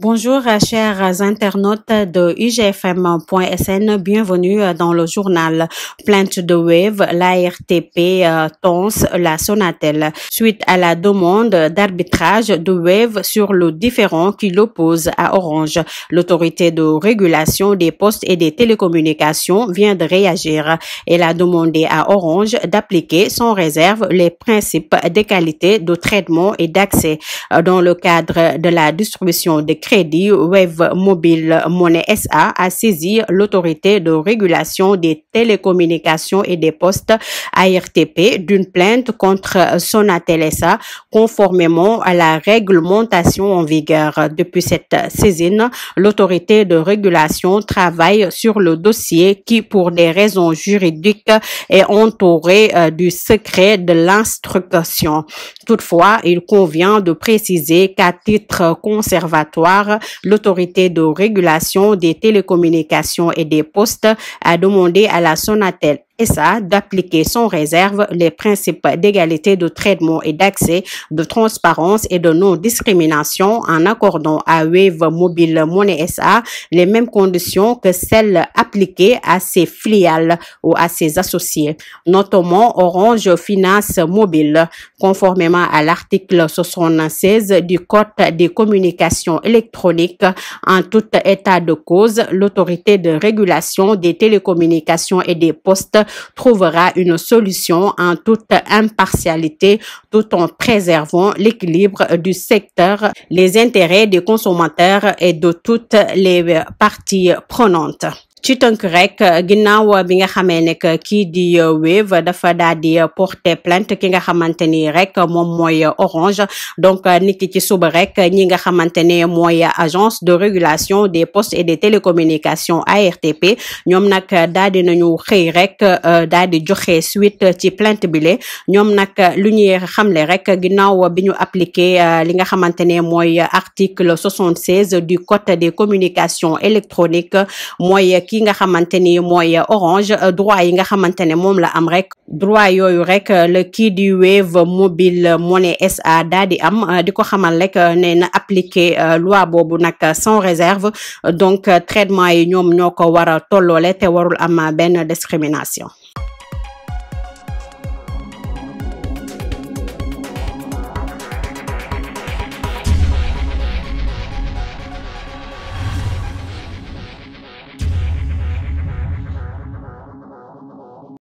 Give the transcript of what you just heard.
Bonjour euh, chers internautes de ugfm.sn, bienvenue euh, dans le journal Plainte de Wave, l'ARTP euh, tense la Sonatel, suite à la demande d'arbitrage de Wave sur le différent qui l'oppose à Orange. L'autorité de régulation des postes et des télécommunications vient de réagir. Elle a demandé à Orange d'appliquer sans réserve les principes des qualités de traitement et d'accès dans le cadre de la distribution des crédit Wave Mobile Money SA a saisi l'autorité de régulation des télécommunications et des postes ARTP d'une plainte contre Sonatel SA conformément à la réglementation en vigueur. Depuis cette saisine, l'autorité de régulation travaille sur le dossier qui, pour des raisons juridiques, est entouré euh, du secret de l'instruction. Toutefois, il convient de préciser qu'à titre conservatoire, l'autorité de régulation des télécommunications et des postes a demandé à la Sonatel et d'appliquer sans réserve les principes d'égalité de traitement et d'accès, de transparence et de non-discrimination en accordant à Wave Mobile Money SA les mêmes conditions que celles appliquées à ses filiales ou à ses associés, notamment Orange Finance Mobile, conformément à l'article 76 du Code des communications électroniques. En tout état de cause, l'autorité de régulation des télécommunications et des postes trouvera une solution en toute impartialité tout en préservant l'équilibre du secteur, les intérêts des consommateurs et de toutes les parties prenantes ci tënk rek euh, ginnaaw euh, bi nga xamee ne kii di euh, Wave dafa daal di porter plainte ki nga xamante ni rek moom mooy Orange donc niki ci suba rek ñi nga xamante ne mooy agence de régulation des postes et des télécommunications ARTP ñoom nak daal di nañu xëy rek daal di joxe suite ci plainte bi le ñoom nak lu ñuy xamle rek ginnaaw bi ñu appliqué li nga xamante ne mooy article soixante-seize du code des communications électroniques mooy kii nga xamante ni mooy orange euh, droit yi nga xamante ne moom la am rek droit yooyu rek euh, le kii di Wave mobile monnaie SA daa di am euh, di ko xamal rek ne na appliquer loi boobu nag sans réserve donc traitement yi ñoom ñoo ko war a tolloole te warul am benn discrimination